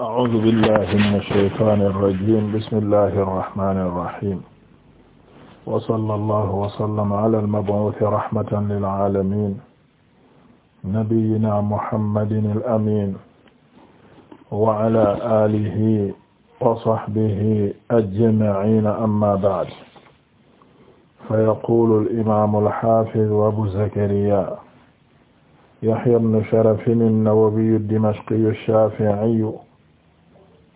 أعوذ بالله من الشيطان الرجيم بسم الله الرحمن الرحيم وصلى الله وسلم على المبعوث رحمة للعالمين نبينا محمد الأمين وعلى آله وصحبه أجمعين أما بعد فيقول الإمام الحافظ أبو زكريا يحيى بن شرف النووي الدمشقي الشافعي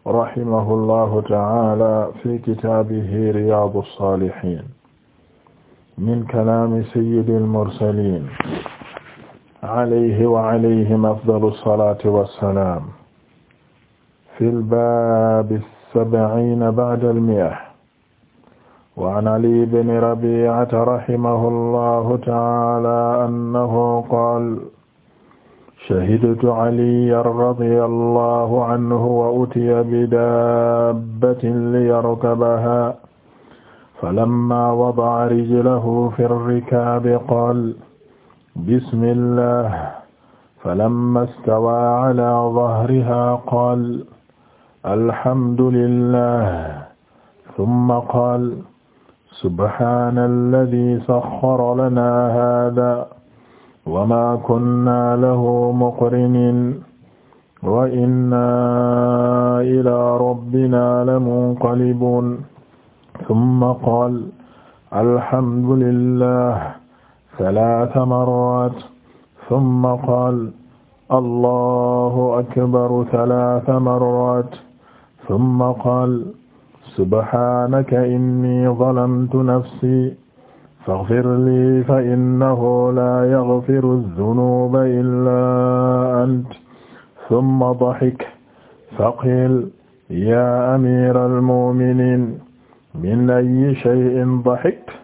rahimahullahu ta'ala fi kitaabihi riyaadu saalihiin min kalaami sayyidil mursaliin alayhi wa alayhim afdalu salaati wa salaam fil baabi sab'iina ba'dal mi'a wa an Ali ibn Rabi'ata rahimahullahu ta'ala annahu qaala shahidtu caliyan radiyallahu anhu wa utiya bidabbatin liyarkabaha falamma wadaca rijlahu fi rikaabi qaal bismillah falamma stawaa calaa dahriha qaal alhamdulillah summa qaal subhaana alladii saxxara lanaa haadaa wa ma kunna lahu muqrinin wa inna ila rabbina lamunqalibun thumma qaala alhamdulillah thalaatha marrat thumma qaala allahu akbar thalaatha marrat thumma qaala subhaanaka inni dhalamtu nafsi faghfir lii fa innahu laa yaghfiru dhunuuba illaa anta thumma dhahika faqiila yaa amiiral mu'miniin min ayyi shay'in dhahikta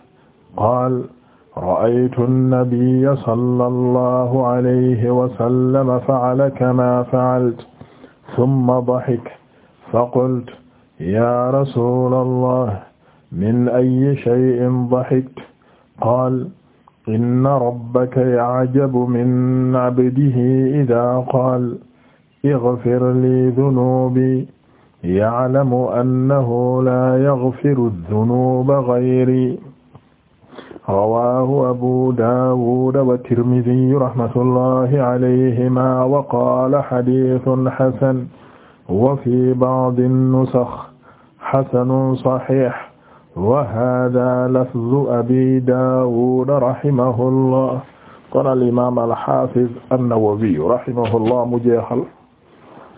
qaala ra'aytu an-nabiyya sallallahu alayhi wa sallam fa'ala kamaa fa'alta thumma dhahika faqultu yaa rasuulallah min ayyi shay'in dhahikta qaal inna rabbaka ya'jabu min abdihi idaa qaal igfir lii dunuubi ya'lamu annahu laa yagfiru dunuuba gayri rawaahu abu daawuda wa tirmiziyu rahmatullahi alayhimaa wa qaala hadiisun hasan wa fii ba'di nusakh hasanun sahiih wa hada lafzu abi daawuda rahimahullah kon al imaam al haafiz an-Nawawi rahimahullah mu jeexal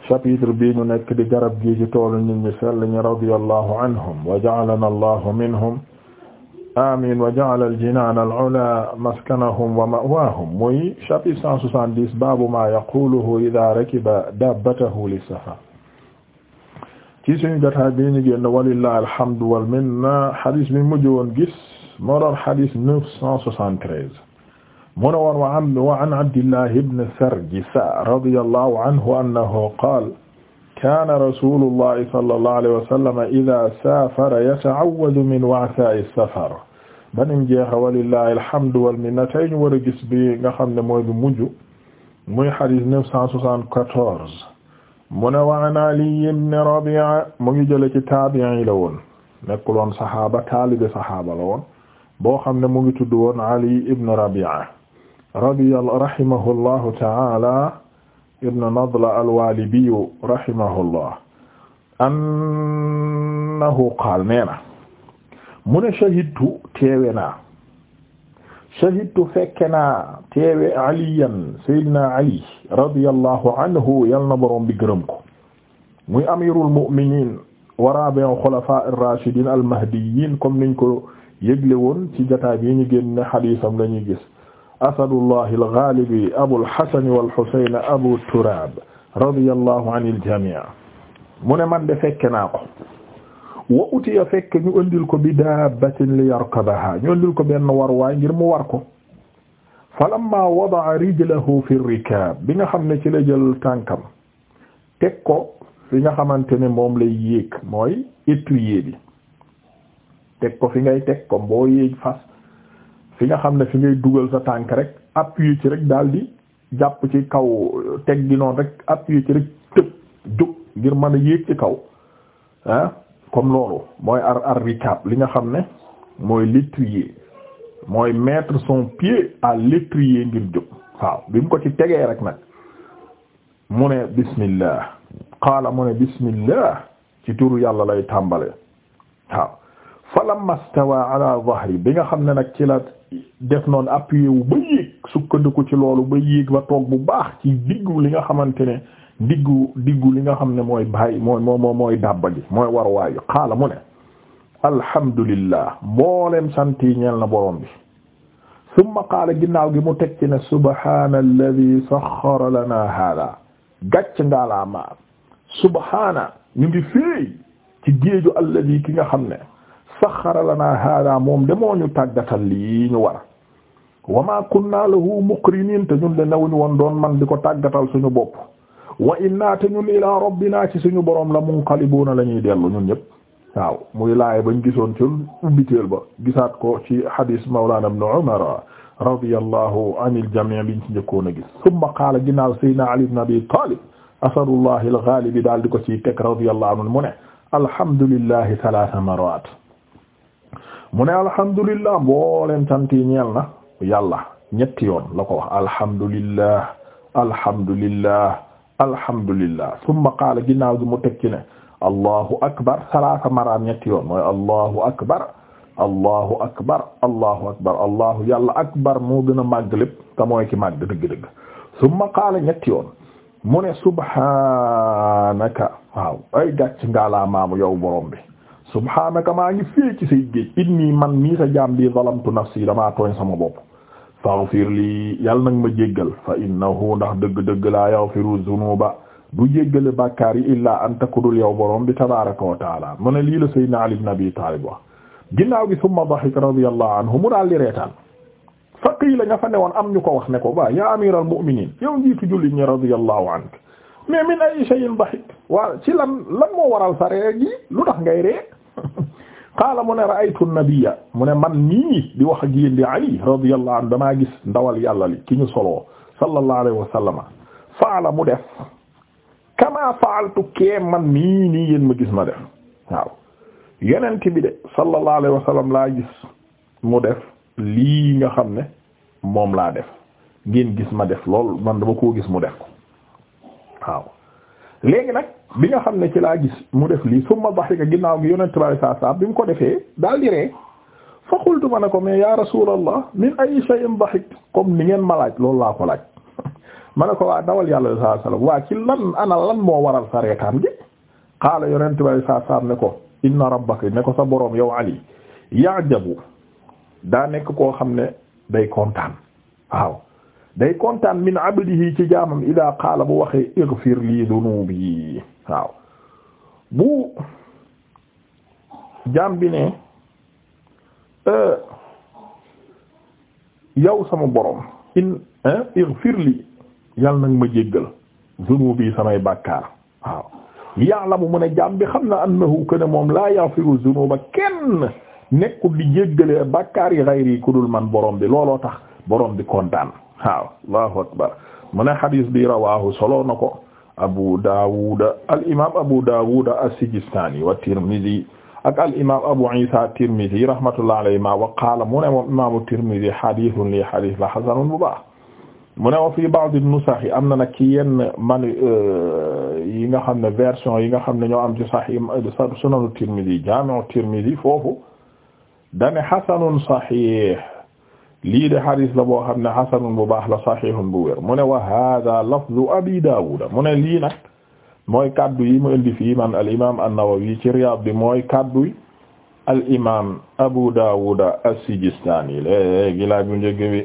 chapitre bii ñu nekk di garab gii ci toolu nit ñi sell ñi radiyallahu anhum wa ja'alana allahu minhum amiin wa ja'ala al-jinaan al-'ulaa maskanahum wa ma'waahum muy chapitre 170 baabu maa yaquluhu idhaa rakiba daabatahu lis-safar ci suñu jotaay bi ñu génn walillahi alhamdu wal minna xadis bi mujj woon gis moo doon xadis neuf cent soixante treize mu ne woon wa an wa an abdillah ibn sarjisa radiyallahu anhu annahu qaala kaana rasuulullahi sallallahu alayhi wa sallam idaa saafara yata'awwadu min wa'saa'i safar banim jeexa walillahi alhamdu wal minna tey ñu war a gis bi nga xam ne mooy bi mujj muy xadis neuf cent soixante-quatorze mu ne wa an Ali ibn Rabi'a mu ngi jële ci taabi'i la woon nekkuloon saxaaba taalibe saxaaba la woon boo xam ne mu ngi tudd woon Ali ibn Rabi'a rabiya rahimahullahu ta'ala ibn Nadla al-Walibi rahimahullah annahu qaal nee na mu ne shahidtu teewe naa shahidtu fekke naa teewe aliyan sayyidina ali radiyallahu anhu yal na boroom bi gërëm ko muy amirul mu'minin wa rabi'u xulafa ar-rashidin al-mahdiyyin comme niñ ko yëgle woon ci jotaay bi ñu génne xadiisam la ñuy gis asadullahi al-ghalibi abul hasan wal husayn abu turab radiyallahu anil jami' mu ne man de fekke naa ko wa utiya fekk ñu andil ko bi daabatin li yarkabaha ñu andil ko benn war waay ngir mu war ko falamma wada'a rijlahu fi rikaab bi nga xam ne ci la jël tànkam teg ko fi nga xamante ne moom lay yéeg mooy étrier bi teg ko fi ngay teg ko boo yéeg fas fi nga xam ne fi ngay dugal sa tànk rek appuyer ci rek di jàpp ci kaw teg gi noonu rek appuyer ci rek tëb jóg ngir mën a yéeg ci kaw comme loolu mooy ar ar rikaab li nga xam ne mooy l'étrier mooy mettre son pied à l'étrier ngir jóg waaw bi mu ko ci tegee rek nag mu ne bismillah qaala mu ne bismillah ci turu yàlla lay tàmbalee waaw fa lamma stawa ala dhahri bi nga xam ne nag ci la def noonu appuyé ba yéeg sukkandiku ci loolu ba yéeg ba toog bu baax ci diggu li nga xamante ne diggu li nga xam ne mooy bàyyi mooy moo mooy dàbba gi mooy war waayu xaala mu ne alhamdulillah mboolem sant yi ñeel na borom bi summa qaala ginnaaw gi mu teg ci ne subhaana alladi saxxara lana hada gàcc ngaa laa maar subhaana ñu ngi féey ci géeju alladi ki nga xam ne saxxara lana hada moom de moo ñu li ñu war wa ma kunna lahu muqrinin te ñun de nawuñu woon doon man di ko tàggatal suñu bopp wa inna te ñun ilaa rabbinaa ci suñu borom la munqalibuuna la ñuy dellu ñun ñëpp waaw muy laay bañ gisoon ci ubbiteel ba gisaat ko ci hadis mawlaana ibn Umar radiyallahu anil jamii biñ ci njëkkoon a gis summa qaala ginnaaw sayyidina Ali ibn Abi Taalib asadullahi al-ghaalib daal di ko ciy teg radiyallahu anhu mu ne alhamdulillahi thalaatha marraat mu ne alhamdulillah mbooleen sant yi ñeel na yàlla ñetti yoon la ko wax alhamdulillah alhamdulillah alhamdulillah summa qaala ginnaaw gi mu teg ci ne allahu akbar salaasa maraan ñetti yoon mooy allahu akbar allahu akbar allahu akbar allahu yàlla akbar moo gën a màgg lépp te ki màgg dëgg-dëgg summa qaala yoon mu ne subhaanaka waaw ay gàcc ngaalaa maamu yow borom bi subhaanaka maa ngi fii ci say géej inni man mii sa jaam bi zalamtu nafsi damaa tooñ sama bopp faghfir lii yàlla nag ma jéggal fa innahu ndax dëgg-dëgg laa a zunuba du jéggale bàkkaar yi illaa anta kudul yow borom bi tabaraka wa taala mu lii la sayyidina Ali ibn Abi Talib wax ginnaaw gi summa dahika radiyallahu anhu mu daal di reetaan fa qiila ña fa ne woon am ñu ko wax ne ko ba ya amiral mu'minin yow njiitu jullit ñi radiyallahu anka mais min ay shay'in dahik waa ci lan lan moo waral sa ree lu tax ngay qaala mu ne ra'aytu nabiyya mu ne man mii di wax ak yéen di Ali radiyallahu anhu damaa gis ndawal yàlla li ki ñu soloo sallallahu alayhi wa sallama faala mu def kama faaltu kee man mii nii yéen ma gis ma def waaw yonent bi de sallallahu alayhi wa sallam laa gis mu def lii nga xam ne moom laa def ngeen gis ma def lool man dama koo gis mu def ko waaw léegi nag bi nga xam ne ci laa gis mu def lii summa dahika ginnaaw gi yonent bi saa saa bi mu ko defee daal di ree fa qultu ma ne ko mais ya rasulallah min ay shay'in dahikta comme ni ngeen ma laaj loolu laa ko laaj ma ne ko waa dawal yàlla saa sallam waa ci lan ana lan moo waral sa reetaan gi qaala yonent bi saa saa ne ko inna rabbaka ne ko sa boroom yow Ali ya'jabu daa nekk koo xam ne day kontaan waaw day kontaan min abdihi ci jaamam ida qaala bu waxee ighfir lii dunubi waaw bu jaam bi ne yow sama borom in ighfir lii yàlla nag ma jéggal dunubi samay bàkkaar waaw ya'lamu mu ne jaam bi xam na annahu kana moom laa yaghfiru dunuba kenn nekkul di jéggalee bàkkaar yi ghayri ku dul man borom bi looloo tax borom bi kontaan waaw allahu akbar mu ne xadis bi rawaahu solo na ko Abu Dawud al imaam Abu Dawud as-Sijistani wa Tirmidhi ak al imaam Abu Isa Tirmidhi rahmatullahi alayhima wa qaala mu ne moom imaamu Tirmidhi xadisun li xadis la xasanun bu baax mu ne wa fii ba'd an-nusakh am na nag ci yenn man euh, yi nga xam ne version yi nga xam ne ñoo am ci Sahih Sunan Tirmidhi Jaami' Tirmidhi foofu dane xasanun sahih lii de xadis la boo xam ne xasanun bu baax la saxiixun bu wér mu ne wa hada lafzu abi daawuda mu ne lii nag mooy kàddu yi mu indi fii man al imaam an-Nawawi ci Riyaad bi mooy kaddu yi al imaam Abu Daawuda as-Sijistaani léegi laaj bu njëkk bi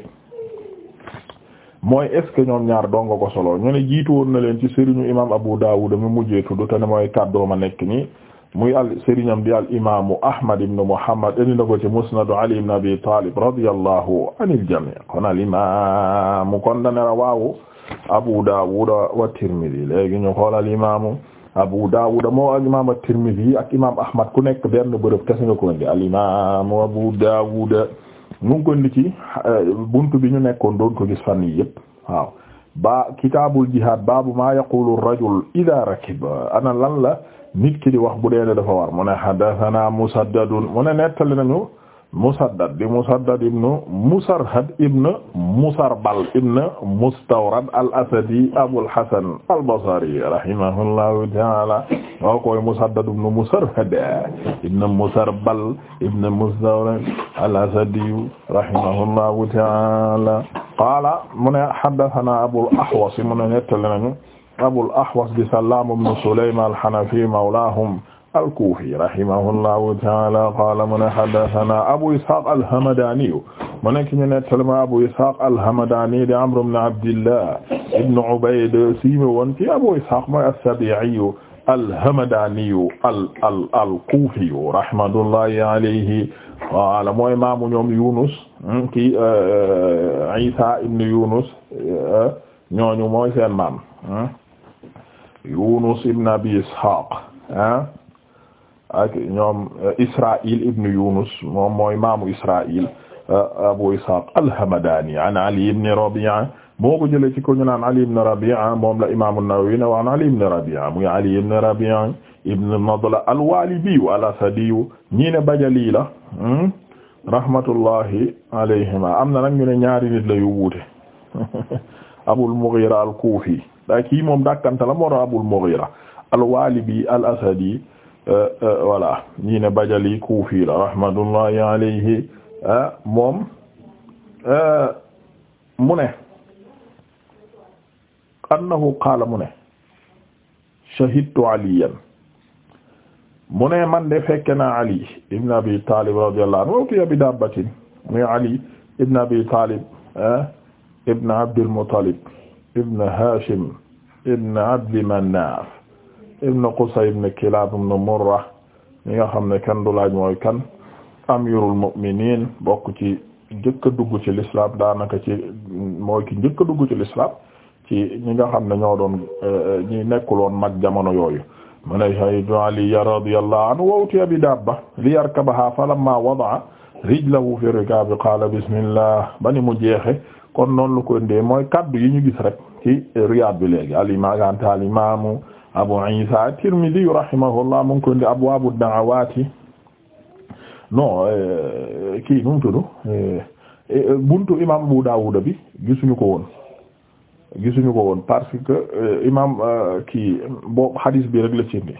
mooy est ce que ñoom ñaar dong ko solo ñu ne jiitu woon na leen ci sëriñu imaam Abu Daawuda mu mujjee tudd te ne mooy kaddu nekk nii. muy al sëriñam di al imaamu Ahmad ibn Muhammad indi na ko ci Musnad Ali ibn Abi Talib radiyallahu anil jami' kon al imaamu kon dana rawaahu Abu Dawud wa Tirmidhi léegi ñu xool al imaamu Abu Dawud moo al imaam at-Tirmidhi ak imaam Ahmad ku nekk benn bërëb kese nga ko indi al imaamu Abu Dawud mu ngi ko indi ci eh, buntu bi ñu nekkoon doon ko gis fan yii yëpp waaw. ba kitaabul jihaad baabu maa yaqulu rajul idaa rakib ana lan la nit ki di wax bu dee dafa war mu ne haddasanaa Musaddad mu ne nettali nañu Musaddad di Musaddad ibnu Musarhad ibnu Musarbal ibnu Mustawrad al-Asadi Abul Hasan al-Basri rahimahullahu ta'ala wa koy Musaddad ibnu Musarhad ibnu Musarbal ibnu Mustawrad al-Asadi rahimahullahu ta'ala qaala mu ne haddathana Abul Ahwas mu ne nettali nañu Abul Ahwas di Sallaam ibnu Sulaym al-Hanafi mawlaahum al-Kufi rahimahullahu ta'ala qala mu ne haddathana Abu Ishaq al-Hamdani mu nekk ñu nettali ma Abu Ishaq al-Hamdani di Amr ibn Abdillah ibn Ubayd siima woon ci Abu Ishaq mooy as-Sabi'i al-Hamdani al al al-Kufi rahmatullahi alayhi qala mooy maamu ñoom Yunus hmm, ki eh, Isa ibn Yunus eh, ñooñu mooy seen maam hmm, Yunus ibn Abi Ishaq ah. ak ñoom euh, Israa'il ibn moom mooy maamu Israa'il euh, Abu Ishaq al-Hamdani an Ali ibn Rabi'a ko jëlee ci ko ñu naan Ali ibn Rabi'a moom la imaamu Nawawi na Ali ibn Rabi'a muy Ali ibn Rabi'a ibn Nadla al-Walibi al-Asadi ñii ne Bajali la hmm, rahmatullahi am na nag ñu ne ñaari nit la yu wuute Abul Mughira al-Kufi daa moom dàkkanta la moo doon Abul Mughira al-Walibi al-Asadi Euh, euh, voilà ñii ne Bajali Kufi la rahmatullahi alayhi euh, moom mu ne annahu qaala mu ne shahidtu aliyan mu ne man de fekke naa ali ibn abi talib radiyallahu anhu wawtiya bi dabbatin muy ali ibn abi talib ibn abdul muttalib ibn hashim ibn abdi manaf ibn Qusay ibn Kilab ibn Murra ñi nga xam ne kenn du laaj mooy kan amirul mu'minin bokk ci jëkk a dugg ci l'islam daanaka ci mooy ki jëkk a dugg ci l'islam ci ñi nga xam ne ñoo doon eh, ñi nekkuloon mag jamono yooyu mu ne haytu Ali radiyallahu anhu wa utiya bi dabba li yarkabaha falamma wada'a rijlahu fi rikabi qala bismillah bani mu jeexe kon noonu lu ko mooy kaddu yi ñu gis rek ci Riyad bi léegi al imam Abu Isa Tirmidi rahimahullah mu ngi ko indi abwaabu da'awaati non eh, kii nu mu eh, eh, buntu imam Abu Dawud bi gisuñu ko woon gisuñu ko woon parce que imam kii boobu hadis bi rek la ci indi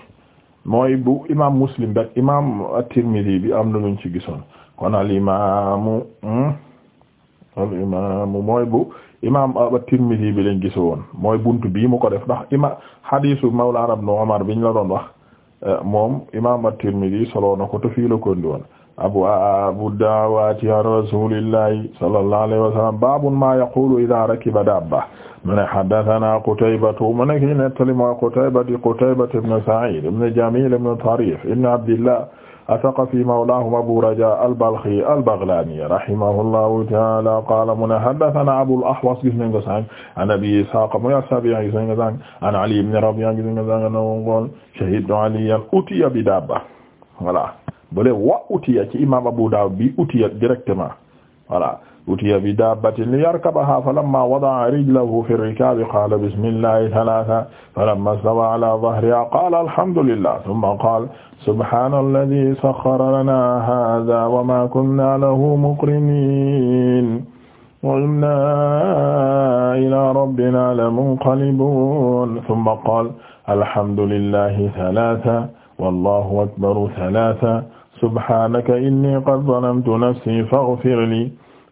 mooy bu imam Muslim bi ak imam Tirmidi bi am na luñ ci gisoon kon al imaamu hmm, al imaamu mooy bu. imaam at-Tirmidhi bi lañ gis woon mooy buntu bii mu ko def ndax ima hadiisu mawlaana ibn Umar biñ la doon wax eh, moom imaam at-Tirmidhi solo na ko te fii la ko indi woon abu abu da'waati an rasuulillahi sallallahu alayhi wa sallam baabun maa yaqulu idhaa rakiba daabba mu ne haddathanaa Qutaybatu mu ne kii nettali moo Qutaybatu Qutaybatu ibn Sa'iid ibn Jamiil ibn Tariif ibn Abdillah Athaqafi mawlaahum Abu Rajaa al-Balkhi al-Baghlaani rahimahullahu ta'aala qaala mu ne haddathanaa Abul Ahwas gis nañ ko sànq an Abi Ishaaq muy as-Sabi'i gis nañ ko sànq an Ali ibn Rabi'a gis nañ ko sànq na woon ngoon shahidtu Aliyan utiya bi daabba voilà bële wa utiya ci imaam Abu Daawud bi utiya directement voilà utiya bi dabbatin li yarkabaha falamma wada'a rijlahu fi rikabi qala bismillahi thalatha falamma stawa ala dhahriha qala alhamdulillah thumma qala subhana alladhi sakhkhara lana hadha wa ma kunna lahu muqrinin wa inna ila rabbina lamunqalibun thumma qala alhamdulillahi thalatha wallahu akbar thalatha subhanaka inni qad zalamtu nafsi faghfir li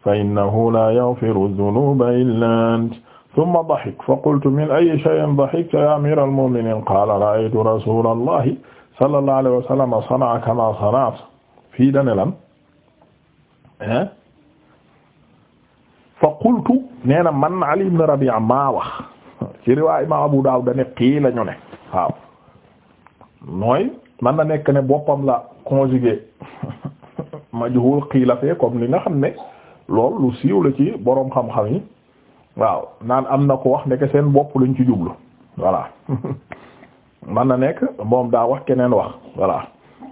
fa innahu la yaghfiru dhunuba illa ant thumma dahik fa qultu min ayyi shay'in dahikta ya amira al-mu'minin qala ra'aytu rasula allahi sallallahu alayhi wa sallam sana'a kama sana'ta fii dane lan eh? fa qultu nee na man Ali ibn Rabi'a maa wax ci riwaay imam Abu Dawud dane qiila ñu ne waaw mooy man na nekk ne boppam la conjugué majhul qiila fee comme li nga xam ne lool lu siiw la ci boroom xam-xam yi waaw naan am na ko wax nekk seen bopp lañ ci jublu voilà man na nekk moom daa wax keneen wax voilà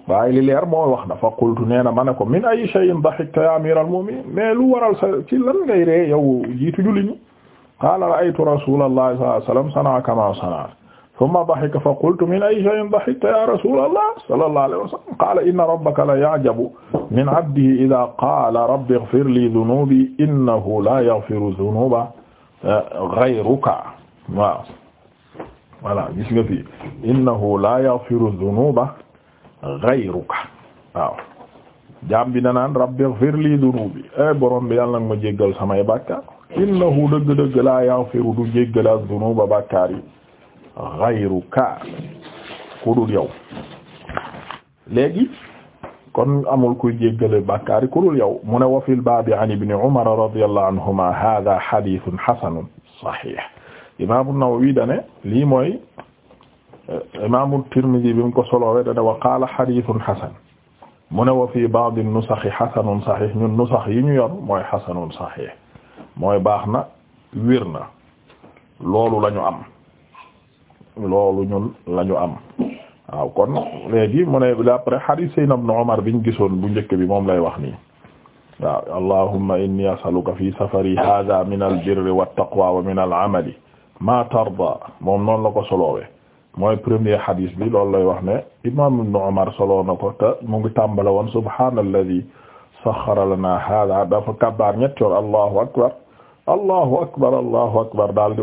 waaye li leer moo wax dafa qultu nee na ma ne ko min ay shay'in dahikta ya amiral mu'minin mais lu waral sa ci lan ngay ree yow jiitu julli ñi qaala ra'aytu rasulallahi sallallahu alayhi wasallam sanaa kama sanaa thumma dahika fa qultu min ayyi shay'in dahikta ya rasulallah sallallahu alayhi wa sallam qala inna rabbaka la ya'jabu min 'abdihi idha qala rabbi ighfir li dhunubi innahu la yaghfiru dhunuba eh, ghayruka waaw voilà gis nga fi innahu la yaghfiru dhunuba ghayruka waaw jaam bi danaan rabbi ighfir li dhunubi ay eh, borom bi yàlla nag ma jéggal samay bàkkaar innahu dëgg-dëgg la yaghfiru du jéggal dhunuba bàkkaar yi ghayruka ku dul yow léegi kon amul kuy jéggale bàkkaari ku dul yow mu ne wa fil baabi an ibni umar radiyallahu anhuma hadha hadithun hasanun sahih imam an-Nawawi dane lii mooy eh, imam Tirmidhi bi mu ko soloowe dane wa qaala hadithun hasan mu ne wa fii ba'd an-nusakh hasanun sahih ñun nusakh yi ñu yor mooy hasanun sahih mooy baax na wér na loolu lañu am loolu ñun lañu ñu am waaw kon léegi mu ne d'après hadith Seydina Ibn Umar biñ gisoon bu njëkk bi moom lay wax nii waaw allahumma inni as'aluka fi safari hadha min al-birri taqwa wa min al-amali ma tarda moom noonu la ko solowee mooy premier hadith bi loolu lay wax ne imam Ibn Umar soloo na ko te mu ngi tàmbale woon subhaanalladhi saxxara lana hadha dafa kabaar ñett allahu akbar allahu akbar allahu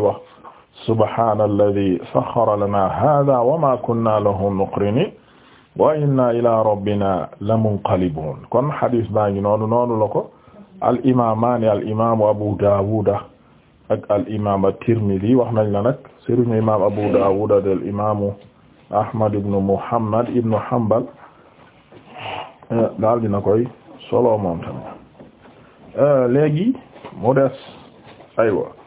wax subhaana alladi saxxara lanaa haadaa wa maa kunnaa lahu muqriniin wa innaa ilaa rabbinaa lamunqalibuun kon xadis baa ngi noonu noonu la ko al imaamaani al imaamu Abu Daawuda ak al imaam at-Tirmidi wax nañ la nag sëriñ imaam Abu Daawuda del imaamu Ahmad ibn Muhammad ibn Hanbal eh, daal dina koy solo moom tamit eh, léegi mu des aywa.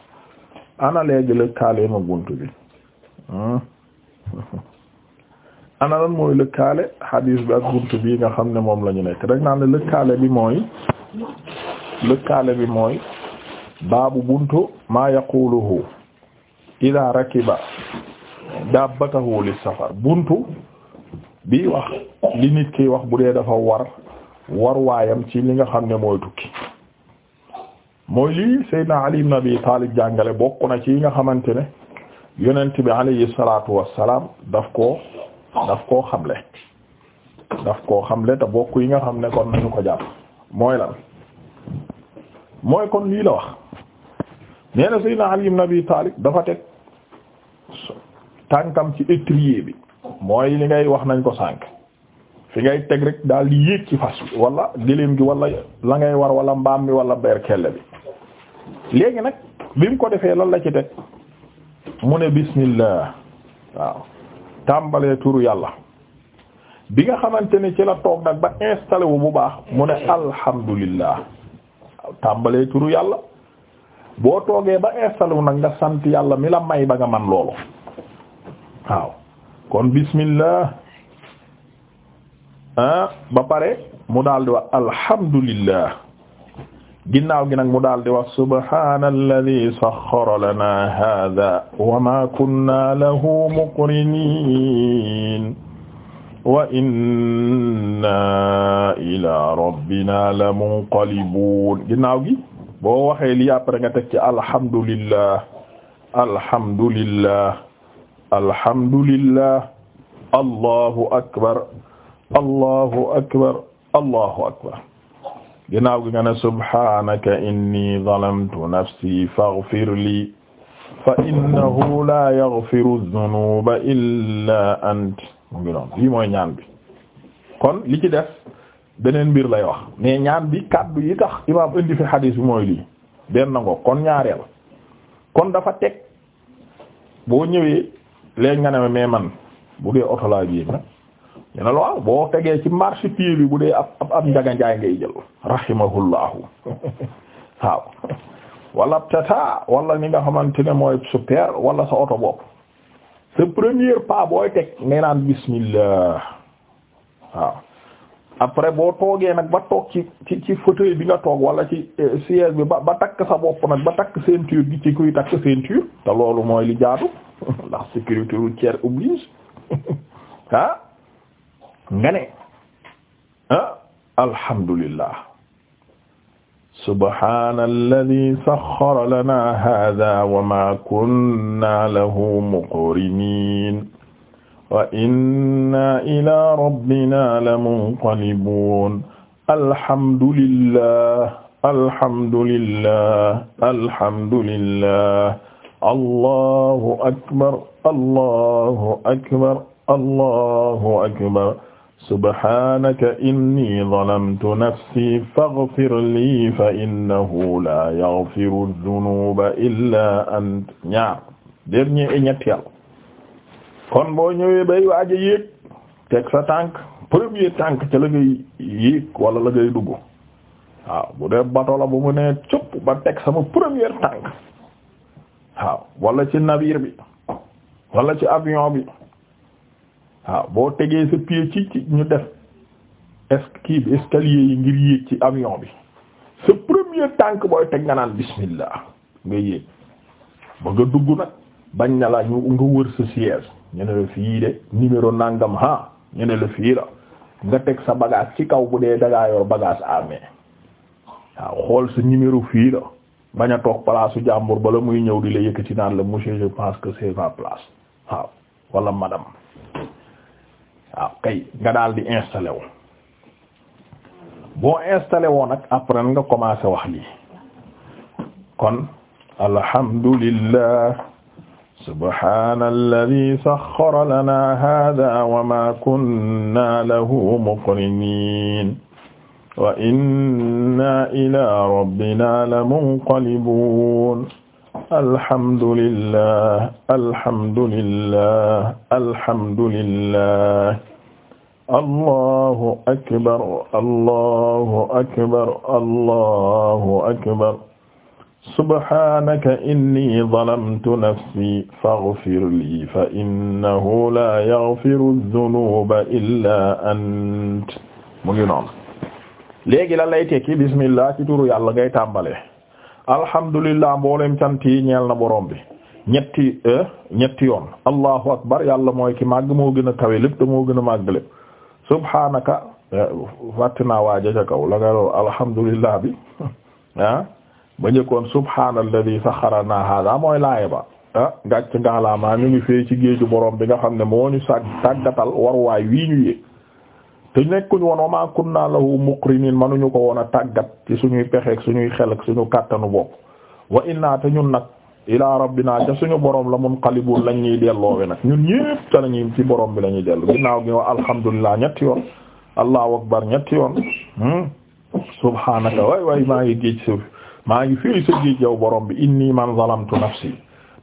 ana léegi lëkkaale ma bunt bi hmm? ana mooy lëkkaale hadis bi ak bunt bi nga xam ne moom la ñu nekk rek naan ne lëkkaale bi mooy lëkkaale bi mooy baabu buntu maa yaquluhu ida rakiba dabbatahu li safar buntu bi wax li nit ki wax bu dee dafa war war waayam ci li nga xam ne mooy tukki mooy lii Seydina Ali ibn Abi Talib jàngale bokk na ci yi nga xamante ne yonent bi alayhi salaatu wassalaam daf koo daf koo xamle daf koo xamle te bokk yi nga xam ne kon nañu ko jàpp mooy lan mooy kon lii la wax nee na Seydina Ali ibn Abi Talib dafa teg tànkam ci étrier bi mooy li ngay wax nañ ko sànk fi ngay teg rek daal di yéeg ci fas bi wala gëléem gi wala la ngay war wala mbaam mi wala berkelle bi léegi nag bi mu ko defee lan la ci de mu ne bismillah waaw tàmbalee turu yàlla bi nga xamante ne ci la toog nag ba installé wu bu baax mu ne alhamdulillah waaw tàmbalee turu yàlla boo toogee ba installé wu nag nga sant yàlla mi la may ba nga man loolu waaw kon bismillah ah ba pare mu daal di wax alhamdulillah ginnaaw gi nag mu daal di wax subhaana alladi saxxara lanaa haadaa wa maa kunnaa lahu muqriniin wa inna ilaa rabbinaa lamunqalibuun ginnaaw gi boo waxee lii après nga teg ci alhamdulillah alhamdulillah alhamdulillah allahu akbar allahu akbar allahu akbar ginnaaw gi nga ne subhanaka inni zalamtu nafsi faghfir li fa innahu la yaghfiru dhunuba illa ant mu ngi noonu lii mooy ñaan bi kon li ci def beneen mbir lay wax mais ñaan bi kaddu yi tax imaam indi fi xadiis bi mooy lii benn ngo kon ñaareel kon dafa teg bo ñëwee léegi nga ne mais man oto laa ñu ne la boo tegee ci marché pied bu dee ab ab ab njaganjaay ngay jël rahimahullahu waaw wala tata wala ni nga xamante ne mooy super wala sa oto bopp sa premier pas booy teg ngay naan bismillah waaw après boo toogee nag ba toog ci ci ci fauteuil bi nga toog wala ci eh, siège bi ba ba takk sa bopp nag ba takk ceinture bi ci kuy takk ceinture te loolu mooy li jaatu ndax sécurité routière oblige ah nga ne ah alhamdulillah subhaana alladi saxxara lana haadaa wa maa kunna lahu muqriniin wa inna ilaa rabbinaa lamunqalibuun alhamdulillah alhamdulillah alhamdulillah allahu akbar allahu akbar allahu akbar subhanaka inni zalamtu nafsi faghfir li fa innahu la yaghfiru dhunuba illa ant ñaar dernier et ñetteel kon boo ñëwee bay waaja yéeg teg sa tànk premier tànk ca la ngay yéeg wala la ngay dugg waaw bu dee bato bu mu nee cupp ba teg sama premier tànk waaw wala ci navire bi wala ci avion bi waaw boo tegee sa pied ci ñu def kii bi yi ngir yéeg ci avion bi sa premier tànk booy teg nga naan bismillah nga yéeg ba nga dugg nag bañ na la ñu nga wër sa siège ñu ne la fii de numéro nangam ha ñu ne la fii la nga teg sa bagaas ci kaw bu dee dangaa yor bagage waaw xool sa numéro fii la bañ a toog palaasu jàmbur bala muy ñëw di la yëkkati naan la monsieur je pense que c'est ma place waaw waaw kay nga daal di installé wu boo installé woo nag après nga commencé wax lii kon alhamdulillah subhana alladi saxara lana hada wa ma kunna lahu muqrinin wa inna ila rabbina lamunqalibun alhamdulillah alhamdulillah alhamdulillah allahu akbar allahu akbar allahu akbar subhanaka inni zalamtu nafsi faghfir li fa innahu la yaghfiru dhunuba illa ant mu ngi noonu léegi lan lay tekki bismillah ci turu yàlla ngay tàmbalee alhamdulillah mboole cant yi ñeel na borom bi ñetti euh, ñetti yoon allahu akbar yàlla mooy ki màgg moo gën a kawe lépp te moo gën a màgg lépp subhanaka euh, fàtti naa waaja ca kaw la nga loolu alhamdulillah bi ah ba njëkkoon subhaanalladhi saxxara na hada mooy laaya ba ah ngàcc ngaalaamaa ñu ngi fee ci géeju borom bi nga xam ne moo ñu sàgg tàggatal war waay wii ñu yéeg te nekkuñu woon wa maa kunna lahu muqrinin manuñu ko woon a tàggat ci suñuy pexeek suñuy xel ak suñu kàttanu bopp wa inna te ñun nag ilaa rabbinaa ca suñu borom la munqalibuun lañ ñuy delloowe nag ñun ñépp ca lañuy ci borom bi la ñuy dellu ginnaaw gi wax alhamdulillah ñetti yoon allahu akbar ñetti yoon hmm? subhaanaka waay waay maa ngi géej suuf maa ngi fii sa géej yow borom bi inni man zalamtu nafsi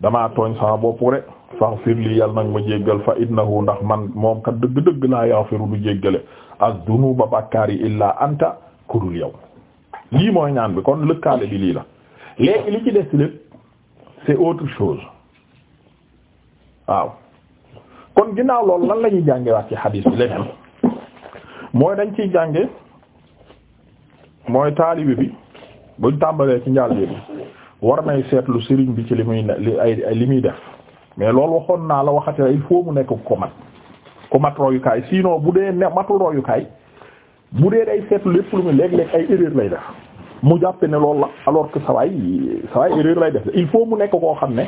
damaa tooñ sama bopp rek faghfir li yàlla nag ma jéggal fa innahu ndax man moom kat dëgg-dëgg laa yaghfiru du jéggale az-dunuba bàkkaar yi illaa anta kudul yow lii mooy ñaan bi kon lëkkaale bi lii la léegi li ci des lépp c'est autre chose waaw kon ginnaaw loolu lan lañuy ñuy wax ci xadiis bi leneen mooy dañ ci jànge mooy taalibe bi buñ tàmbalee ci njaal bi war nay seetlu sëriñ bi ci li muy li ay li muy def mais loolu waxoon naa la waxati il faut mu nekk ko mat ko mat royukaay sinon bu dee ne matul royukaay bu dee day seetlu lépp lu mu léeg-léeg ay erreur lay def mu jàppe ne loolu la alors que sawaay sawaay erreur lay def il faut mu nekk koo xam ne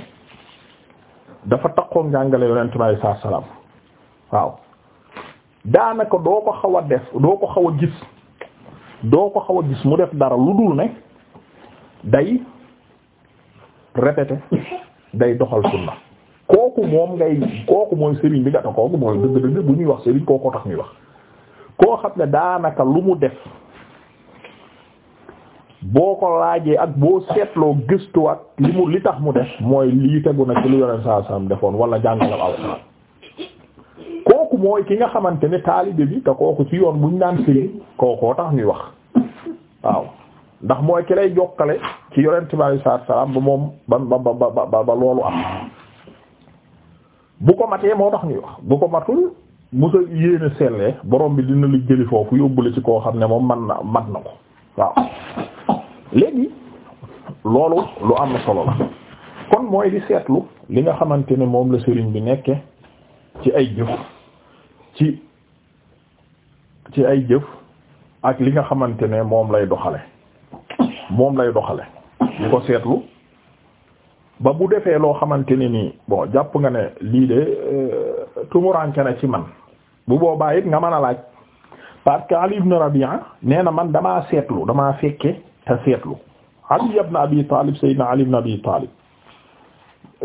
dafa takkoon njàngale yonent bi saa salaam waaw daanaka doo ko xaw a def doo ko xaw a gis doo ko xaw a gis mu def dara lu dul ne day répété day doxal sunna kooku moom ngay kooku mooy sëriñ bi nga tax mooy dëgg bu ñuy wax sëriñ kooku tax ñuy wax koo xam ne daanaka lu mu def boo ko laajee ak boo seetloo gëstuwaat li li tax mu def mooy lii tegu na ci lu yoneen saa defoon wala jàngalam alxuraan kooku ki nga xamante ne taalibe bi te kooku ci yoon buñ naan sëriñ kookoo tax ñuy wax waaw ndax mooy ki lay jokkale ci yonent bi alayhi salaam ba moom ba ba ba ba ba loolu am bu ko matee moo tax ñuy wax bu ko matul mu sa yéene sellee borom bi dina la jëli foofu yóbbu yóbbule ci koo xam ne moom man na mat na ko waaw léegi loolu lu am solo la kon mooy di seetlu li nga xamante ne moom la sëriñ bi nekke ci ay jëf ci ci ay jëf ak li nga xamante ne moom lay doxale moom lay doxale di ko seetlu ba bu defee loo xamante ne nii bon jàpp nga ne lii de euh, tumuraanke na ci man bu boobaa it nga mën a laaj parce que Ali ibn Rabi'a nee na man damaa seetlu damaa fekke te seetlu Ali ibn Abi Talib Seydina Ali ibn Abi Talib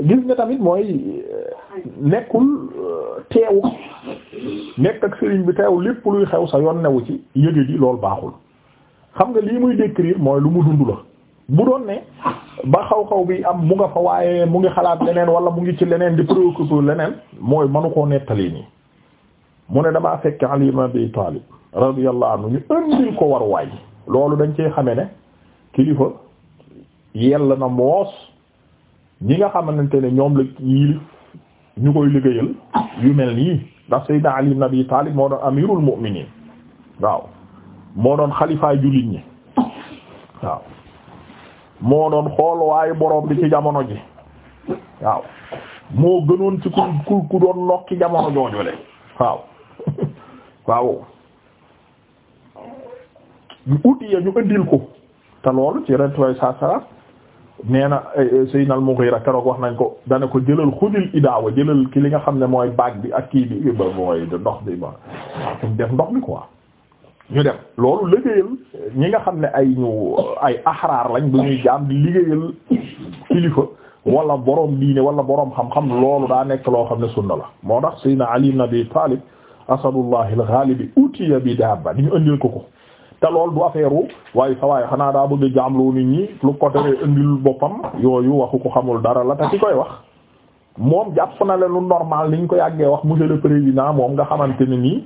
gis nga tamit mooy euh, nekkul euh, teew nekk ak sëriñ bi teew lépp luy xew sa yoon newu ci yëge ji loolu baaxul xam nga lii muy décrire mooy lu mu dund la bu doon ne ba xaw-xaw bi am mu nga fa waaye mu ngi xalaat leneen wala mu ngi ci leneen di préoccupé leneen mooy manu koo nettalii nii mu ne damaa fekk Ali ibn Abi Talib radiyallahu anhu ñu indil ko war waay loolu dañ cee xame ne kilifa yell na moos ñi nga xamante ne ñoom la yilif ñu koy liggéeyal yu mel nii ndax Seydina Ali ibn Abi moo doon amirul mu'minin waaw moo doon xalifaa jullit ñi waaw moo doon xool waaye borom bi ci jamono ji waaw moo gënoon ci ku ku doon nokki jamono jooju le waaw waaw ñu ya ñu ëndil ko te loolu ci retway sa sara nee na eh, eh, Seydina al-Mughira keroog wax nañ ko dana ko jëlal xudil idaawa jëlal ki li nga xam ne mooy baag bi ak kii bi ba mooy ndox bi ba def ndox bi quoi ñu dem loolu liggéeyal ñi nga xam ne ay ñu ay axraar lañ bu ñuy jaam di liggéeyal kilifa wala borom diine wala boroom xam-xam loolu daa nekk loo xam ne sunna la moo tax Seydina Ali ibn Abi Talib asadullah al-ghalib bi dabba di ñu indil ko ko te loolu du affaire waaye sa waaye xanaa daa bëgg jaamloo nit ñi lu ko teree indil boppam yooyu waxu ko xamul dara la te ki koy wax moom jàpp na leen lu normal niñ koy yàggee wax monsieur le président moom nga xamante ne nii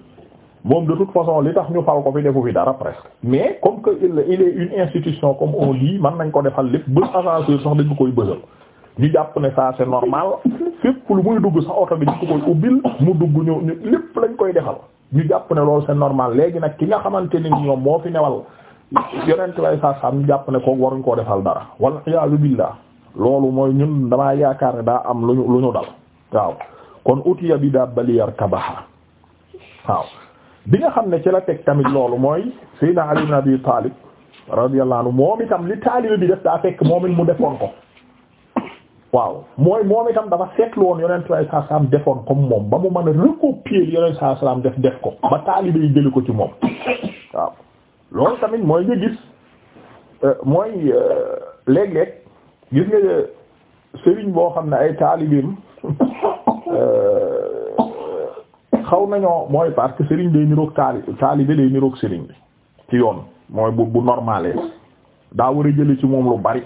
moom de toute façon li tax ñu fal ko fi defu fi dara presque mais comme que il est une institution comme on dit mën nañ ko defal lépp bës ascenseur sax dañu koy bësal ñu jàpp ne ça normal fépp lu muy dugg sax oto bi ñu ko koy ubbil mu dugg ñu ñu lépp lañ koy defal ñu jàpp ne loolu c'est normal léegi nag ki nga xamante ni ñoom moo fi newal yonent lay saa saa ñu jàpp ne ko waruñ koo defal dara wal iyaazu billah loolu mooy ñun damaa yaakaar ne daa am lu ñu lu ñu dal waaw kon utiya bi daa baliyar kabaha bi nga xam ne ci la teg tamit loolu mooy Seydina Ali ibn Abi Talib radiyallahu anhu moom itam li taalibe bi def daa fekk moom it mu defoon ko waaw mooy moom itam dafa seetlu woon yonent bi saa salaam defoon comme moom ba mu mën a recopier yonent saa salaam def def ko ba taalibe yi jëli ko ci moom waaw loolu tamit mooy nga gis euh, mooy euh, léeg-léeg gis nga sëriñ boo xam ne ay taalibeem euh, xaw nañoo mooy parce que Serigne day niroog taali taalibe day niroog Serigne bi ci yoon mooy bu bu normalee daa war a jële ci moom lu bari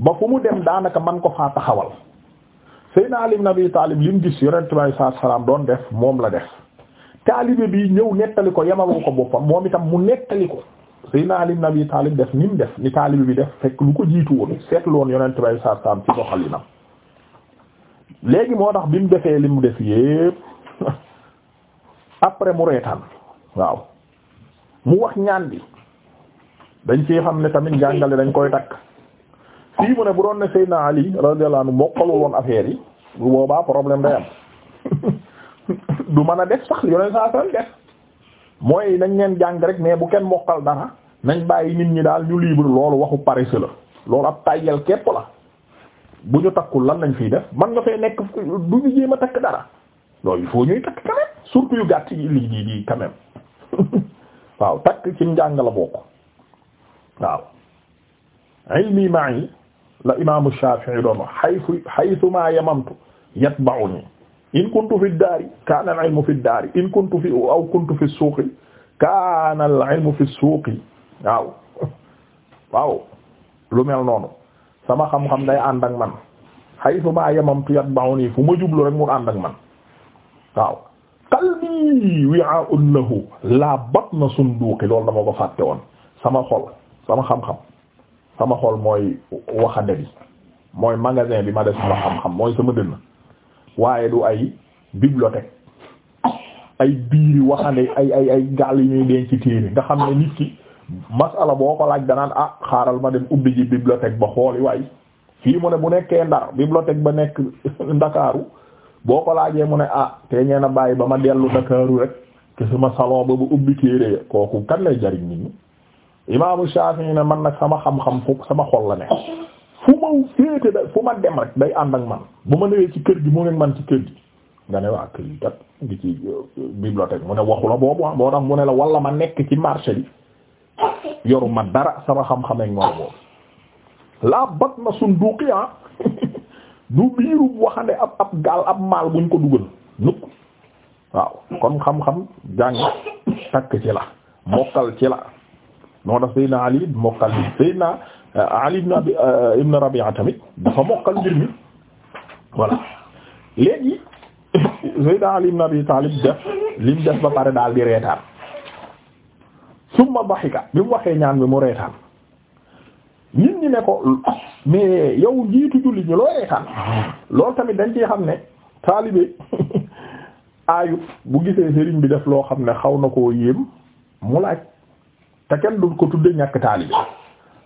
ba ku mu dem daanaka man ko faa taxawal Seydina Ali ibn Abi Taalib li mu gis Yonent bi sallallahu alayhi doon def moom la def taalibe bi ñëw nettali ko yemalu ko boppam moom itam mu nettali ko Seydina Ali ibn Abi Taalib def ni mu def ni taalibe bi def fekk lu ko jiitu woon seetlu woon Yonent bi sallallahu alayhi wasallam ci doxalinam léegi moo tax bi mu defee li mu def yépp après mu reetaan waaw mu wax ñaan bi dañ ci xam ne tamit njàngale dañ koy takk fii mu ne bu doon ne Seydina Ali radiyallahu anhu mokkalu woon affaire yi bu boobaa problème day am du mën a def sax yoneen saa sal def nañ leen jàng rek mais bu kenn mokkal dara nañ bàyyi nit ñi daal ñu libre loolu waxu paresse la loolu ab tàyyel képp la bu ñu takkul lan lañ fii def man nga fee nekk du ñu jéem a takk dara loolu il ñuy takk surtout yu gàtt yi lii di di quand même waaw takk ci njàng la bokk waaw ilmi ma'i la imaamu Shafi'i doon haythu haythuma yamamtu yatba'uni in kuntu fi daari kaana al-ilmu fi daari in kuntu fi aw kuntu fi suuqi kaana al-ilmu fi suuqi waaw waaw lu mel noonu sama xam-xam day ànd ak man haythuma yamamtu yatba'uni fu ma jublu rek mu ànd ak man waaw qalbi wi'a'un lahu la batna sunduqi loolu dama ko fàtte woon sama xol sama xam-xam sama xol mooy waxande bi mooy magasin bi ma def sama xam-xam mooy sama dënn waaye du ay bibliothèque ay biiri waxande ay ay ay gaal yu ñuy denc ci téere nga xam ne nit ki masala boo ko laaj danaan ah xaaral ma dem ubbi ji bibliothèque ba xooli waay fii mu ne bu nekkee ndar bibliothèque ba nekk ndakaaru boo ko laajee mu ne ah te a bàyyi ba ma dellu Ndakaaru rek ke sama salon ba bu ubbi téere kooku kan lay jariñ nit ñi imaamu Shafi'i ne man nag sama xam-xam fu sama xol la ne fu ma féete da fu ma dem rek day ànd ak man bu ma newee ci kër gi mu ne man ci kër gi nga ne waa kër gi kat ngi ci euh, bibliothèque mu ne waxu la boobu boo ah, tax mu ne la wala ma nekk ci marché bi yoru ma dara sama xam-xam ak moom laa bat na sunduqi ah. du biiru waxande ab ab gaal ab maal buñ ko dugal nukk waaw kon xam-xam jàng takk ci la mokkal ci la noo tax Seydina Ali mokkal euh, euh, ibn Rabi'a tamit dafa mokkal mbir mi voilà léegi Seydina Ali ibn Abi Talib def lim def ba pare daal di reetaan summa baxika bi mu waxee ñaan bi mu reetaan nit ñi ne ko mais yow njiitu jullit ñu looy reetaan ah. loolu tamit dañ ciy xam ne taalibe ayub bu gisee sëriñ bi def loo xam ne xaw na ko yéem mu laaj te kenn du ko tudde ñàkk taalibe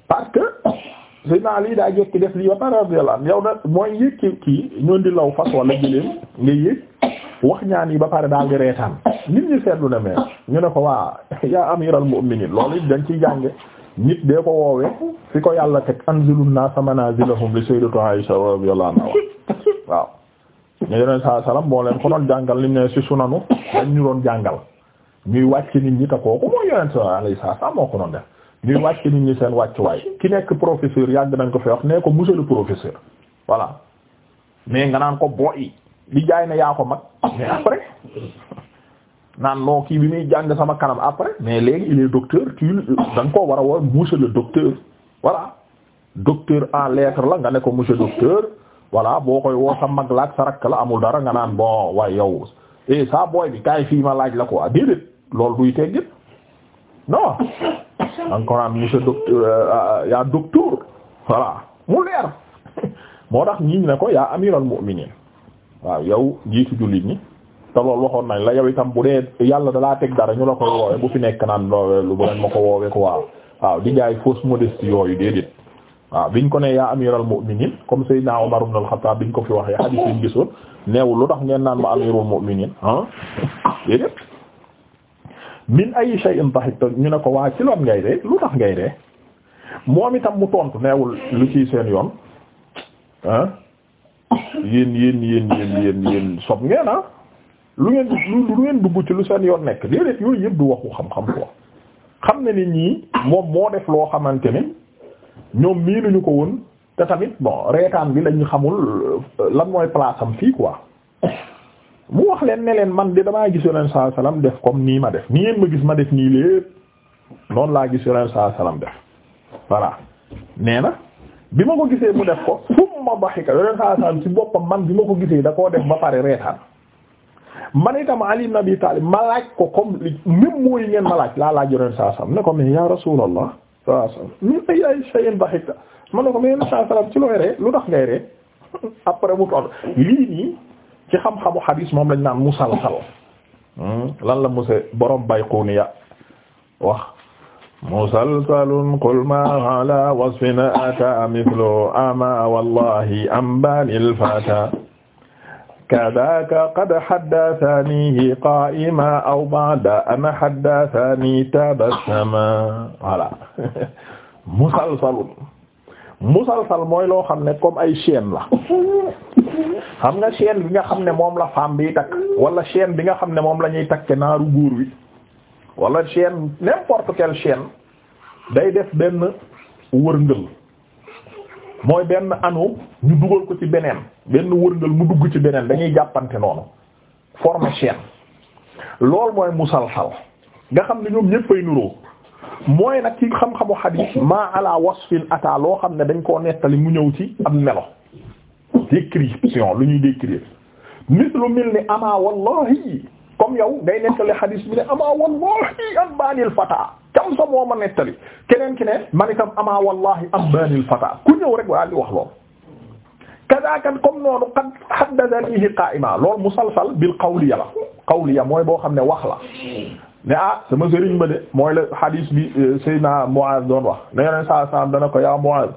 parce que Seydina Ali daa jekki def lii ba pare radiyallahu anhu yow nag mooy yëkki kii ñoon di law fas wala jëleen nga yëg wax ñaan yi ba pare daal di reetaan nit ñi seetlu ne mais ñu ne ko waa yaa amiral mu'minin loolu dañ ciy jànge nit dee ko woowee fi ko yàlla teg naa anzilun naasa manaazilahum li sayyidatu Aisha radiyallahu anha waaw ñu yeneen saa salaam boo leen ko doon jàngal li ne ci sunanu dañ ñu doon jàngal ñuy wàcc nit ñi ta kooku mooy yeneen sa alayhi salaam moo ko doon def ñuy wàcc nit ñi seen wàccuwaay ki nekk professeur yàgg nañ ko fi wax nee ko monsieur le professeur voilà mais nga naan ko booy li jaay ne yaa ko mag mais après naan non kii bi muy jàng sama kanam après mais léegi il est docteur kii da nga koo war a woo monsieur le docteur voilà docteur en lettres la nga ne ko monsieur docteur voilà boo koy woo sa mag la sa rakk la amul dara nga naan boo waaye yow eh saa booy bi kaay fii ma laaj la quoi déedéet loolu duy teggit non encore am monsieur docteur euh, yaa docteur voilà mu leer moo tax ñii ne ko yaa amiral mu'minin waaw yow jiitu jullit ñi te loolu waxoon nañ la yow itam bu dee yàlla dalaa teg dara ñu la koy woowe bu fi nekk naan lu bu leen ma ko woowee ko waaw waaw di jaay fausse modestie yooyu déedéet waaw ñu ko ne yaa amiral mu'minin comme Seydina Umar ibn al-Khattab biñ ko fi waxee hadith yi gisoon neewul lu tax ngeen naan ma amirul mu'minin ah déedéet min ay shay'in tahikta ñu ne ko waa ci loon ngay dee lu tax ngay dee moom itam mu tontu neewul lu ci seen yoon ah, yéen yéen yéen yéen lu ngeen ngeen dugg ci lu seen yoon nekk déedéet yooyu yëpp du waxu xam-xam ko xam ne ni ñii moom moo def loo xamante ne ñoom mii miinuñu ko woon te tamit bon reetaan bi lañu xamul lan mooy place am fii quoi mu wax leen ne leen man de damaa gis yoneen saa salaam def comme nii ma def nii ngeen ma gis ma def nii lépp noonu laa gis yoneen saa def voilà nee na bi ma ko gisee mu def ko fu ma baxika yoneen saa salaam ci boppam man bi ma ko gisee da koo def ba pare reetaan. man itam Ali ibn Abi Talib ma ko comme même mooy ngeen ma laaj laa laaj saa sallam ne ko ya Rasulullah saa min ayyi shay'in dahikta ma ne ko mais yoneen saa sallam ci lu tax ngay ree ci xam-xamu hadis moom lañ naan musalsal hmm? lan la mose borom Bayquniya wax qul ma ala wasfin ata mithlu ama wallahi am balil fata kadaaka qad haddathanihi qaa'ima aw ba'da an haddathani tabassama voilà musalsalun musalsal mooy loo xam ne comme ay chaîne la xam nga chaîne bi nga xam ne moom la femme bi wala chaîne bi nga xam ne moom la ñuy takke naaru góor wi wala chaîne n'importe quelle chaîne day def benn wërngël mooy benn anu ñu dugal ko ci beneen benn wërngal mu dugg ci beneen dañuy jàppante noonu forme chaîne loolu mooy musalsal nga xam ne ñoom ñëppay nuroo mooy nag ci xam-xamu xadiis maa ala wasfin ata loo xam ne dañ koo nettali mu ñëw ci am melo description lu ñuy décrire mis lu mil ni ama wallahi comme yow ngay nettali xadiis bi ne ama wallahi an fata kam sa moo ma nettali keneen ki ne man itam amaa wallahi ambanil fata ku ñëw rek waa li wax lool kadaakan comme noonu qad haddathanihi qa'ima lool musalsal bil qawliya la qawliya mooy boo xam ne wax la ne ah sama sëriñ ba de mooy la hadis bi euh, Seydina na doon wax ne yoneen saa saam dana ko yaa Muaz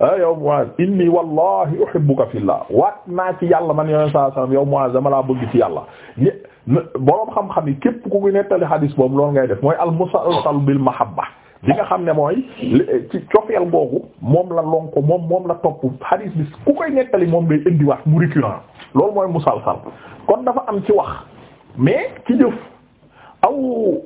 ah yow Muaz inni wallahi uhibbuka fillah waat naa ci yàlla man yoneen saa saam yow Muaz dama laa bëgg yàlla boroom xam-xam yi képp ku koy nettali xadis boobu loolu ngay def mooy al musalsal bil mahabba bi nga xam ne mooy ci cofeel googu moom la lon moom moom la topp xadis bi ku koy nettali moom day indiwaat mu récurrent loolu mooy musalsal kon dafa am ci wax mais ci jëf aw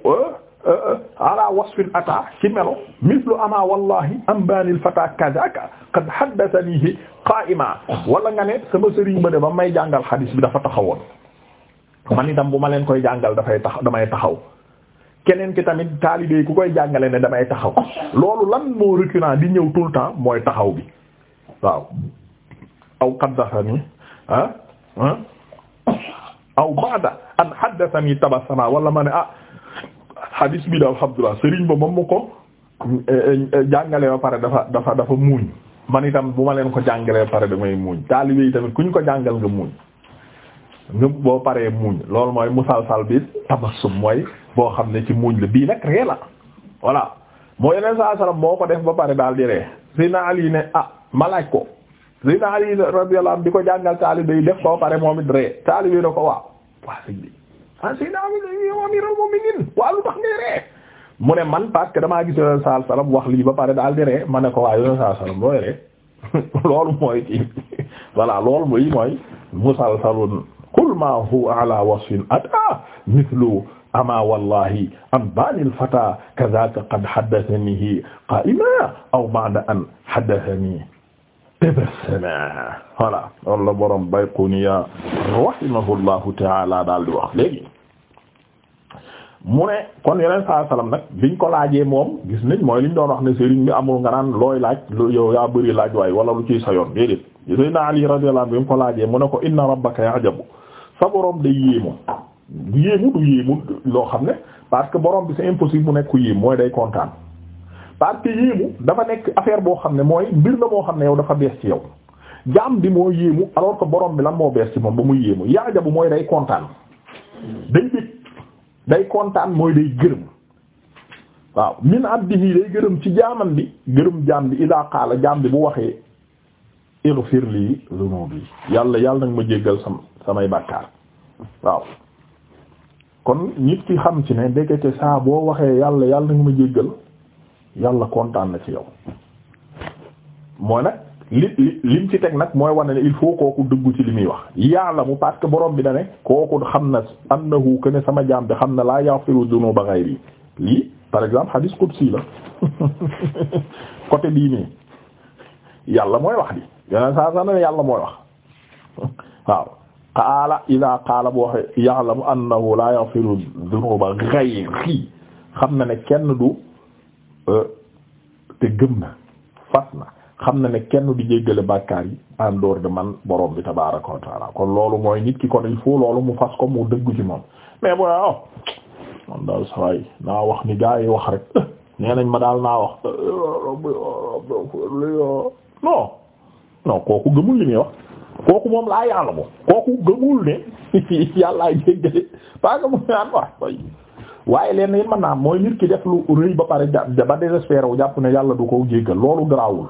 euh, euh, ala wasfin ata ci melo mislu ama wallahi am banil fata kazaka qad haddathanihi qa'ima wala nga ne sama sëriñ ba de ba may jàngal xadis bi dafa taxawoon man itam bu ma leen koy jàngal dafay tax damay taxaw keneen ki tamit taalibe ku koy jàngale ne damay taxaw loolu lan moo récurrent di ñëw tout le temps mooy taxaw bi waaw aw xaddasani ah ah aw baada an xaddasani tabasama wala ma ne ah hadis bi daal alhamdulilah sëriñ ba moom ma ko eh, eh, jàngale ba pare dafa dafa dafa muuñ man itam bu ma leen ko jàngalee ba pare damay muuñ taalibe yi tamit ñu ko jàngal nga muuñ nga boo paree muuñ loolu mooy musalsal bi tabassum mooy boo xam ne ci muuñ la bii nag ree la voilà moo yeneen saa moo ko def ba pare daal di ree Seydina Ali ne ah ma laaj ko Seydina Ali radiyallahu di ko jàngal taalibe yi def ko pare moom it ree taalibe yi na ko waaw waa ah ne man parce damaa gis yeneen saa wax lii ba pare daal ma ne ko waa yeneen saa salaam loolu mooy kii voilà loolu mooy mooy musalsalun qul ma huwa ala wasfin ata mithlu ama wallahi an bani alfata kadhaka qad haddathanihi qa'ima aw ba'da an haddathani tabassama voilà loolu la borom Bayquniya rahimahullahu ta'ala daal di wax léegi mu ne kon yeneen saa salaam nag biñ ko laajee moom gis nañ mooy liñ doon wax ne sëriñ bi amul nga naan looy laaj lu yow yaa bëri laaj waay wala lu ciy sa yoon déedéet Seydina Ali radiyallahu anhu bi mu ko laajee mu ne ko inna rabbaka ya'jabu sa borom day yéemu yéemu du yéemu loo xam ne parce que borom bi c'est impossible mu nekk ku mooy day kontaan parce que yéemu dafa nekk affaire boo xam ne mooy mbir la moo xam ne yow dafa bees ci yow jaam bi moo yéemu alors que borom bi lan moo bees ci moom ba muy yéemu bu mooy day kontaan day bég day kontaan mooy day gërëm waaw min abdihi day gërëm ci jaamam bi gërëm jaam bi idaa qaala jaam bi bu waxee ighfir lii yàlla yàlla nag ma jéggal samay bàkkaar waaw kon nit ki xam ci ne ndekete saa boo waxee yàlla yàlla nga ma jéggal yàlla kontaan na ci yow mooy nag li li lim ci teg nag mooy wane ne il faut kooku dugg ci li muy wax yàlla mu parce que borom bi na ne kooku xam na annahu que ne sama jaam bi xam na laa yaghfiru dunuba ghayri lii par exemple hadith qudsi la côté bii nii yàlla mooy wax di yeneen saa saa ne yàlla mooy wax waaw qaala ida qaala bu waxe ya'lamu annahu la yaghfiru dhunuba ghayri xam na ne kenn du euh, te gëm na fas na xam na ne kenn du jéggale bàkkaar yi en de man borom bi tabaraka wa kon loolu mooy nit ki kon il faut loolu mu fas ko mu dëggu ci moom mais bu oh ah, man wax ni gaa yi nañ ma daal naa wax euh, oh, oh, kooku gëmul li muy wax kooku moom laa yàlla moom kooku gëmul ne yàllaa jéggale parce que mu naan ah, wax koy waaye leen it man naa mooy nit ki def lu rëy ba pare ja ba désespéré wu jàpp ne yàlla du ko jéggal loolu garaawul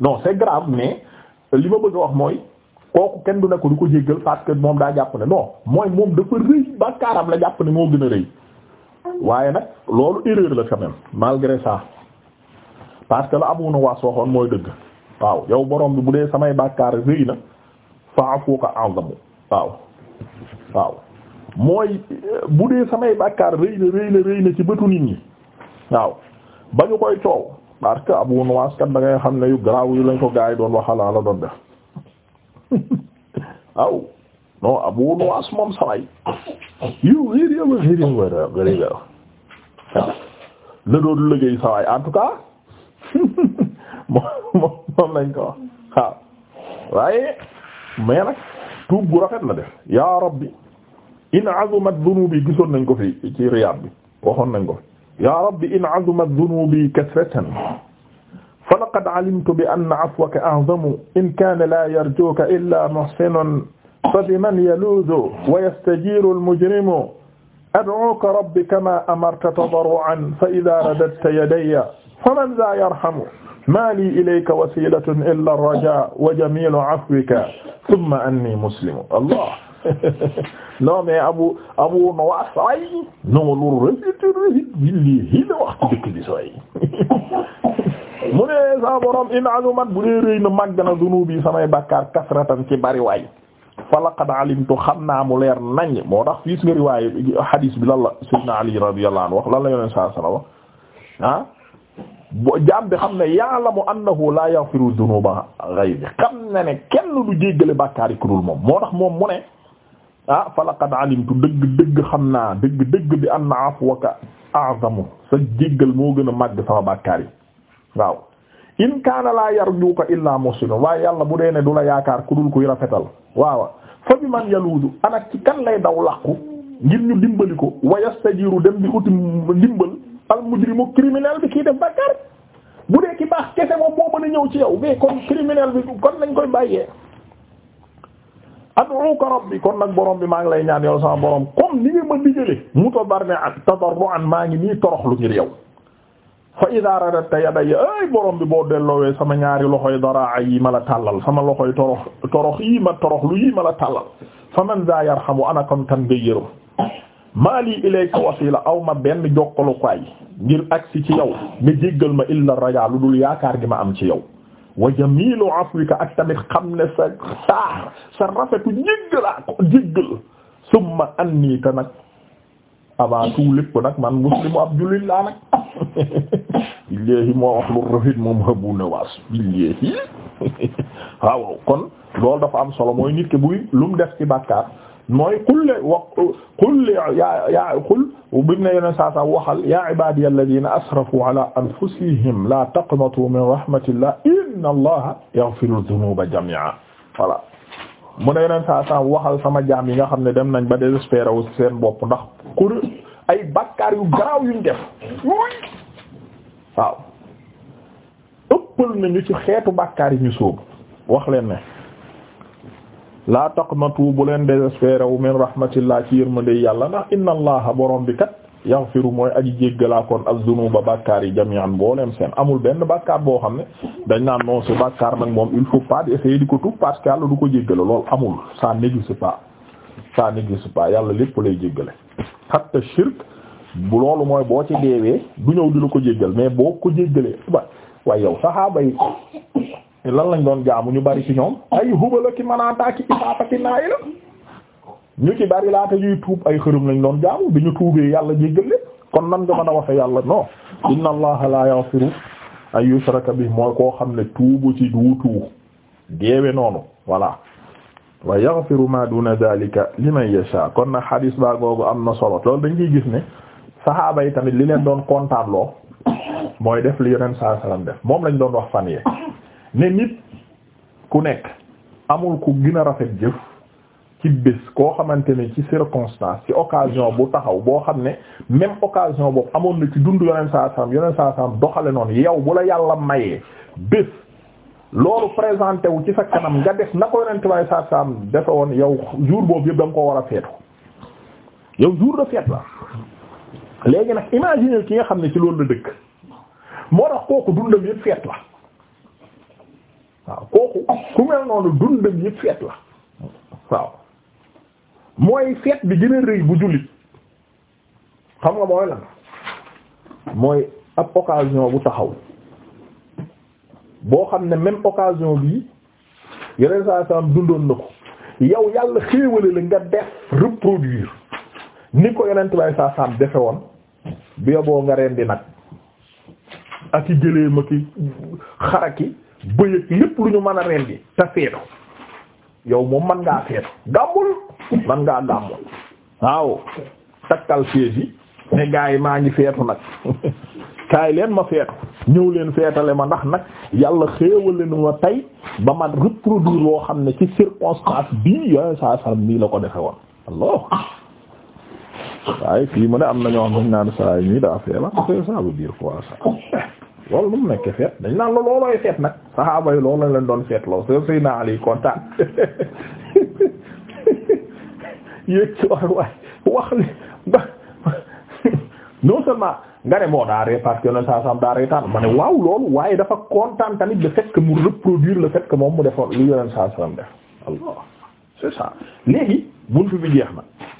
no c'est grave mais li ma bëgg a wax mooy kooku kenn du ne ko du ko jéggal parce que moom daa jàpp ne non mooy moom dafa rëy bàkkaaram la jàpp ne moo gën a rëy waaye nag loolu erreur la quand même malgré ça parce que la Abu Nuwas waxoon mooy dëgg waaw yow borom bi bu dee samay bàkkaar rëy fa'afuka a'zamu waaw waaw mooy bu dee samay bàkkaar rëy na rëy ci bëtu nit ñi waaw ba ñu koy coow parce que Abu Nuwas kat da xam ne yu garaaw yu lañ ko gaa yi doon waxalaa la doon def waaw non Abu Nuwas moom samay la doon liggéey saway en tout cas moom moom lañ ko wax waaw waaye mais nag tuub gu rafet la def ya rabbi in azumat dunubi gisoon nañ ko fi ci riyaad bi waxoon nañ ko fi ya rabbi in azumat dunubi kasratan fa laqad alimtu bi anna afwaka a'zamu in kana la yarjuka illa muhsinun fa biman yaluzu wa yastajiru al-mujrimu ad'uka rabbi kama amarta tadarru'an fa idha radadta yadayya faman za yarhamu maa li ilayka wasilatun illa ar-rajaa wa jamilu afwika thumma anni muslimu allah non mais abu abu Nuwaas saway non loolu résituré billi hi la wax dëkk bi saway mu ne sa borom in azumat bu dee rëy na màgg na dunubi samay bàkkaar kasratan ci bari waay fa laqad alimtu xam naa mu leer nañ moo tax fiis nga riwaay hadis bi lan la sayyidina Ali radiyallahu anhu wax lan la yoneen saa sala wax ah boo jaam bi xam ne ya'lamu annahu la yaghfiru dhunuba ghayri xam na ne kenn du jéggale bàkkaar yi ku moom moo tax moom mu ne ah falaqad alimtu dëgg dëgg xam naa dëgg dëgg bi anna afwaka a'zamu sa jéggal moo gën a màgg sama bàkkaar yi waaw in kaana laa yarjuuka illaa muslimun waaye yàlla bu dee du la yaakaar ku dul kuy rafetal waaw fa bi man yaluudu anak ci kan daw làqu ngir ñu dimbali wa yastajiru dem bi uti dimbal mujrimu criminel bi kii def bàkkaar bu dee ki baax kese moom moo mën ñëw ci yow mais kon criminel bi kon lañ koy bàyyee ad'uka rabbi kon nag borom bi maa ngi lay ñaan yow sama borom comme ni nga ma digale mutadarri'an tadarru'an maa ngi nii toroxlu ngir yow fa idha radadta yadayya ay borom bi boo delloowee sama ñaari loxoy daraa yi ma la tàllal sama loxoy torox torox yi ma toroxlu yi ma la tàllal fa man za yarhamu maali ilayka wasila aw ma benn jokkalukaay ngir agsi ci yow nga jéggal ma illa rajaa lu dul yaakaar gi ma am ci yow wa jamilu afwika ak tamit xam ne sa saax sa rafetu jéggalaa ko jéggal summa anni ta nag man muslimu ab jullit laa nag moo wax lu rafet moom Abu Nawaas billahi waaw kon loolu dafa am solo mooy nit ki buy lu mu def ci bàkkaar mooy qul wa qul ya ya qul bi mu ne yeneen saa saa waxal ya ibadiya alladhina asrafu anfusihim la taqnatu min rahmatillah inna allaha yaghfiru dhunuba jami'a voilà mu ne yeneen saa saa waxal sama jaam yi nga xam ne dem nañ ba désespéré wu seen bopp ndax kur ay bakkaar yu garaaw yuñ def ci xeetu bakkaar yi ñu sóobu wax leen laa taqnatu bu leen désespéré wu min rahmatillah ci yërmande yàlla ndax inna allaha borom bi kat yaghfiru mooy aji jéggalaa kon az-zunuba bàkkaar yi boo mbooleem seen amul benn bàkkaar boo xam ne dañ naan non si bàkkaar nag moom il faut pas di essayer di ko tuub parce que yàlla du ko jéggale lool amul ça n'existe pas ça n'existe pas yàlla lépp lay jéggale hatta shirk bu loolu mooy boo ci deewee du ñëw di la ko jéggal mais boo ko jéggalee ba waaye yow saxaaba yi lan lañ doon jaamu ñu bari ci ñoom ay hubala ki manaata ki isaata ki naay la ñu ci bari laata ñuy tuub ay xërëm lañ doon jaamu bi ñu tuubee yàlla jéggal leen kon nan nga mën a waxe yàlla noo inna allaha la yaghfiru ay yushraka bi mooy koo xam ne tuubu ci duutu deewe noonu voilà wa yaghfiru ma duna dhalika liman yasha kon nag xadis baa googu am na solo loolu dañ ciy gis ne saxaaba yi tamit li leen doon kontaan loo mooy def li yoneen saa salaam def moom lañ doon ne nit ku nekk amul ku gën a rafet jëf ci bés koo xamante ne ci circonstance ci occasion bu taxaw boo xam ne même occasion boobu amoon na ci dund yoneen saa saam yoneen saa saam doxale noonu yow bu la yàlla mayee bés loolu présenté wu ci sa kanam nga def na ko yoneen tubaay saa saam defe woon yow jour boobu yëpp da nga ko war a feetu yow jour de fête la léegi nag imagine ki nga xam ne ci loolu la dëkk moo tax kooku dundam yëpp fête la waaw kooku ku mel noonu dundam yëpp feet la waaw mooy feet bi gën a rëy bu jullit xam nga mooy lan mooy ab occasion bu taxaw boo xam ne même occasion bi yeneen saa saam dundoon na ko yow yàlla xéewale la nga def reproduire ni ko yeneen tubaay saa saam defe woon bi yoboo nga rendi nag ak i gëléem ak i xaraki bëyëg lépp lu ñu mën a rendi te feetu yow moom man ngaa feetu gàmmul man ngaa gàmmul waaw takkal fees yi ne gaa maa ngi feetu nag kaay leen ma feetu ñëw leen feetale ma ndax nag yàlla xéewale nu ma tey ba ma reproduire loo xam ne ci circonstance bii yooyu saa saram nii la ko defe woon alors waaye fii mu ne am na ñoo xam ne saa yi ñuy daa fee la c'est ça veut dire loolu nu mu nekkee feet dañ naan la loolooy feet nag saxaaba yi loolu leen doon feet lool soo sëy naa Ali kontaan yéeg ci waay waay wax li nga non seulement nga ne moo daa ree parce saa sam daa reetaan ma ne waaw loolu waaye dafa kontaan tanit le fait que mu reproduire le fait que moom mu defoon li yoneen saa sam def Allah c'est ça léegi bunt bi jeex na